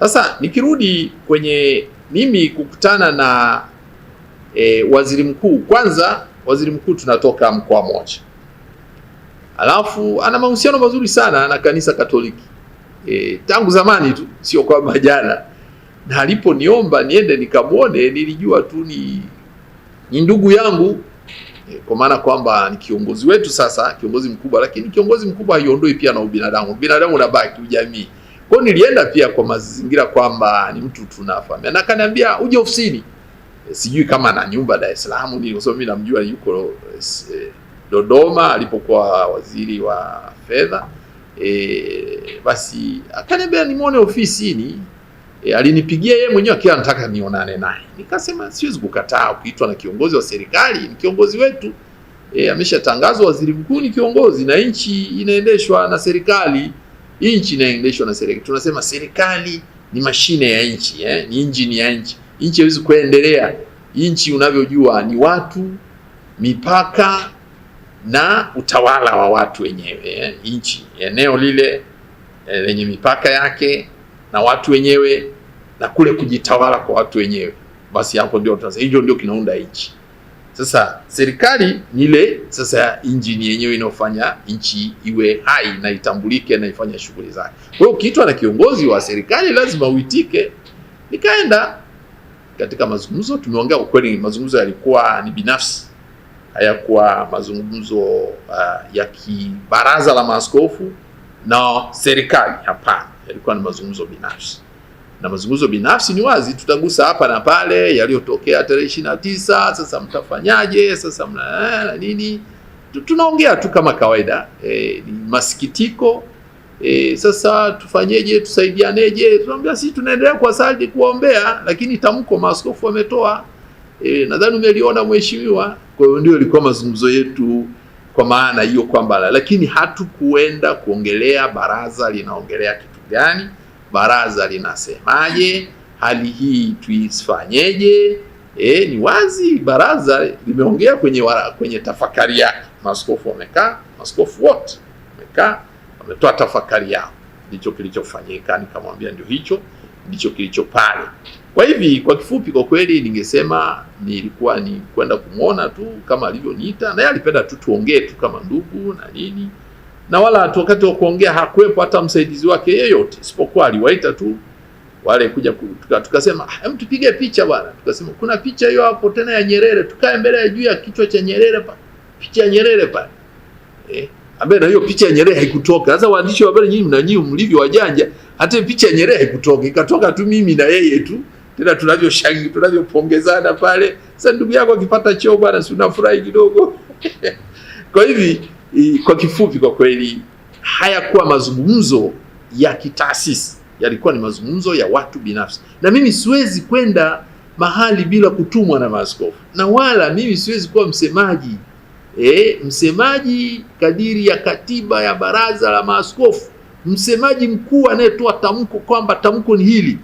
Sasa nikirudi kwenye mimi kukutana na e, waziri mkuu, kwanza waziri mkuu tunatoka mkoa mmoja, alafu ana mahusiano mazuri sana na kanisa Katoliki e, tangu zamani tu, sio kwamba jana, na aliponiomba niende nikamwone nilijua tu ni ni ndugu yangu e, kwa maana kwamba ni kiongozi wetu sasa, kiongozi mkubwa. Lakini kiongozi mkubwa haiondoi pia na ubinadamu, ubinadamu unabaki ujamii. Kwa nilienda pia kwa mazingira kwamba ni mtu tunafahamia, na kaniambia uje ofisini. E, sijui kama ana nyumba Dar es Salaam ni kwa sababu mimi namjua yuko e, Dodoma alipokuwa waziri wa fedha. E, basi akaniambia nimwone ofisini. E, alinipigia yeye mwenyewe akiwa anataka nionane naye. Nikasema siwezi kukataa, ukiitwa na kiongozi wa serikali, ni kiongozi wetu. E, ameshatangazwa waziri mkuu, ni kiongozi na nchi inaendeshwa na serikali. Hii nchi inaendeshwa na serikali. Tunasema serikali ni mashine ya nchi eh? Ni injini ya nchi. Nchi haiwezi kuendelea. Nchi unavyojua ni watu, mipaka na utawala wa watu wenyewe eh? Nchi eneo lile eh, lenye mipaka yake na watu wenyewe na kule kujitawala kwa watu wenyewe, basi hapo ndio tunasema, hiyo ndio kinaunda nchi. Sasa serikali ni ile sasa injini yenyewe inayofanya nchi iwe hai na itambulike na ifanye shughuli zake. Kwa hiyo ukiitwa na kiongozi wa serikali lazima uitike. Nikaenda katika mazungumzo, tumeongea ukweli. Mazungumzo yalikuwa ni binafsi, hayakuwa mazungumzo uh, ya kibaraza la maaskofu na serikali, hapana, yalikuwa ni mazungumzo binafsi na mazungumzo binafsi ni wazi, tutagusa hapa na pale yaliyotokea tarehe ishirini na tisa. Sasa mtafanyaje? Sasa mna eh, na nini? Tunaongea tu kama kawaida e, masikitiko e, sasa tufanyeje? Tusaidianeje? Tunaambia sisi tunaendelea sadi kuombea, lakini tamko maaskofu wametoa e, nadhani umeliona mheshimiwa. Kwa hiyo ndio ilikuwa mazungumzo yetu kwa maana hiyo kwamba, lakini hatukuenda kuongelea baraza linaongelea kitu gani baraza linasemaje, hali hii tuifanyeje? E, ni wazi baraza limeongea kwenye, kwenye tafakari yake. Maaskofu wamekaa, maaskofu wote wamekaa, wametoa tafakari yao, ndicho kilichofanyika. Nikamwambia ndio hicho ndicho kilicho pale. Kwa hivi kwa kifupi, kwa kweli ningesema nilikuwa ni kwenda kumwona tu kama alivyoniita, na yeye alipenda tu tuongee tu kama ndugu na nini na wala wakati wa kuongea hakuwepo hata msaidizi wake yeyote, isipokuwa aliwaita tu wale kuja kutuka, tukasema ah, hem, tupige picha bwana. Tukasema kuna picha hiyo hapo tena ya Nyerere, tukae mbele ya juu ya kichwa cha Nyerere pa picha ya Nyerere pa eh, ambaye na hiyo picha ya Nyerere haikutoka. Sasa waandishi wa habari nyinyi mna nyinyi mlivyo wajanja, hata picha ya Nyerere haikutoka, ikatoka tu mimi na yeye tu, tena tunavyoshangilia tunavyopongezana pale. Sasa ndugu yako akipata cheo bwana, si unafurahi kidogo? kwa hivi kwa kifupi, kwa kweli hayakuwa mazungumzo ya kitaasisi, yalikuwa ni mazungumzo ya watu binafsi, na mimi siwezi kwenda mahali bila kutumwa na maaskofu, na wala mimi siwezi kuwa msemaji e, msemaji kadiri ya katiba ya baraza la maaskofu, msemaji mkuu anayetoa tamko kwamba tamko ni hili,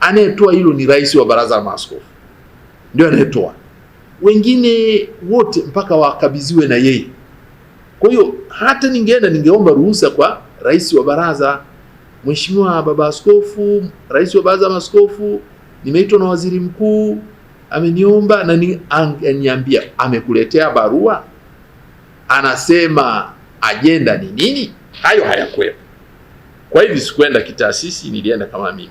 anayetoa hilo ni rais wa baraza la maaskofu, ndio anayetoa. Wengine wote mpaka wakabidhiwe na yeye kwa hiyo hata ningeenda ningeomba ruhusa kwa rais wa baraza, Mheshimiwa baba askofu, rais wa baraza maskofu, nimeitwa na waziri mkuu ameniomba na ni aniambia, amekuletea barua, anasema ajenda ni nini? Hayo hayakuwepo. Kwa hivyo sikuenda kitaasisi, nilienda kama mimi.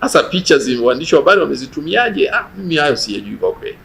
Sasa picha zimeandishwa wa habari wamezitumiaje? Ah, mimi hayo siyajui kwa kweli.